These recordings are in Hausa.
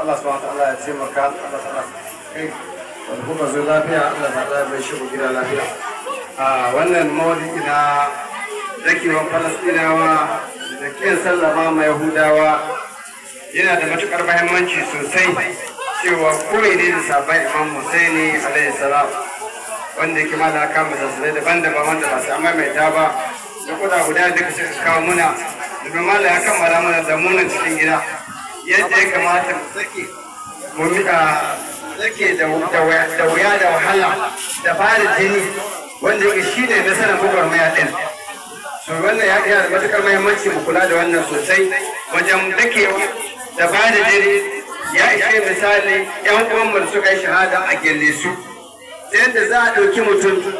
Allah subhanahu wa ta'ala ya taimaka Allah ta'ala kai zo lafiya Allah ta zaɓe shi ku gida lafiya a wannan mawadi na dakewan falastinawa da kiyan sallama ma yahudawa yana da matukar mahimmanci sosai cewa koyi ne da sabon imam husaini alaihi salam wanda yake mala aka misalai daban-daban wanda ba su amma mai ta ba da kuɗa guda duka suka kawo muna domin mala ya kammala mana da munan cikin gida yadda ya kamata mu tsaki mu miƙa tsake da wuya da wahala da ba da jini wanda yake shi ne nasarar maya ɗin to wannan ya ɗaya da matuƙar muhimmanci mu kula da wannan sosai wajen dake da ba da jini ya ishe misali yan uwanmu da suka yi shahada a gelle su ta yadda za a ɗauki mutum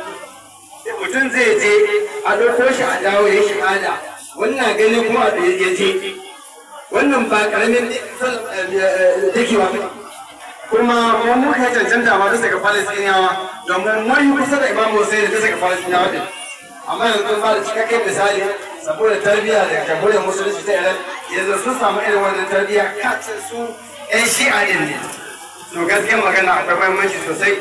mutum zai je a ɗauko shi a dawo ya shahada wannan gani kuma a ya je wannan ba ƙaramin eh, eh, eh, ke ba kuma mu kai cancanta ba bisa ga falastiniyawa domin mun kusa da imam hussein duk ga falastiniyawa din amma yanzu ba da cikakken misali saboda tarbiyya da jamhuriyar musulunci ta iran yanzu sun samu irin wannan tarbiyya kacin su yan shi'a din ne to gaskiya magana akwai mahimmanci sosai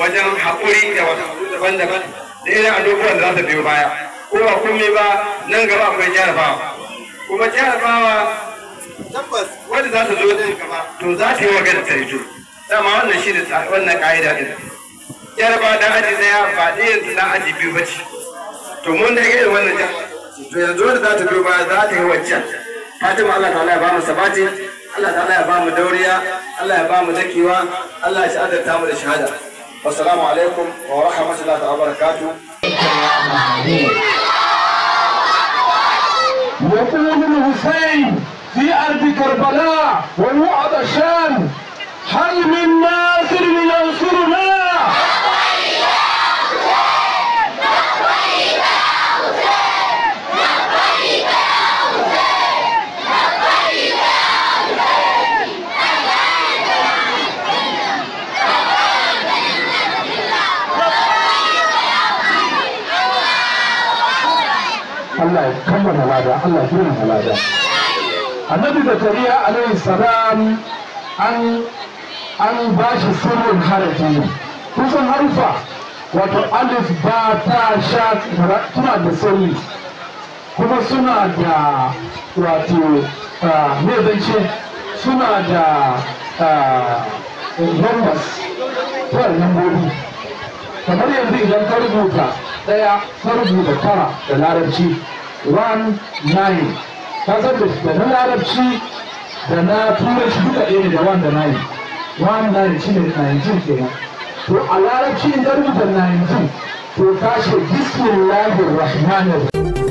wajen haƙuri da wata daban-daban da irin abubuwan da za su biyo baya ko ba komai ba nan gaba akwai jarabawa kuma jarabawa tabbas wanda za su zo nan gaba to za ta yi wa gada ta dama wannan shi da wannan ka'ida din yarba da aji daya ba ɗayan da aji biyu ba ce to mun da irin wannan ja to yanzu wanda za ta biyo baya za ta yi waccan fatima Allah ta'ala ya ba mu sabati Allah ta'ala ya ba mu dauriya Allah ya ba mu dakewa Allah ya shahadar mu da shahada wassalamu alaikum wa rahmatullahi wa barakatuh يقول الحسين في أرض كربلاء ويوعد الشام هل من ناصر ينصرنا Allah ya kammala lada Allah ya kammala lada annabi zakariya alaihi salam an an ba shi sirrin harafi kusan harfa wato alif ba ta sha tuna da sirri kuma suna da wato ne me ce suna da numbers tuwar lambobi kamar yanzu idan ka rubuta daya ka rubuta tara da larabci 1-9 ka san da na larabci da na turanci duka ɗaya da 1 da 9 wannan na ne 19 kenan to a larabci in ka rubuta 19 to ka ce bismillahir rahmanir rahim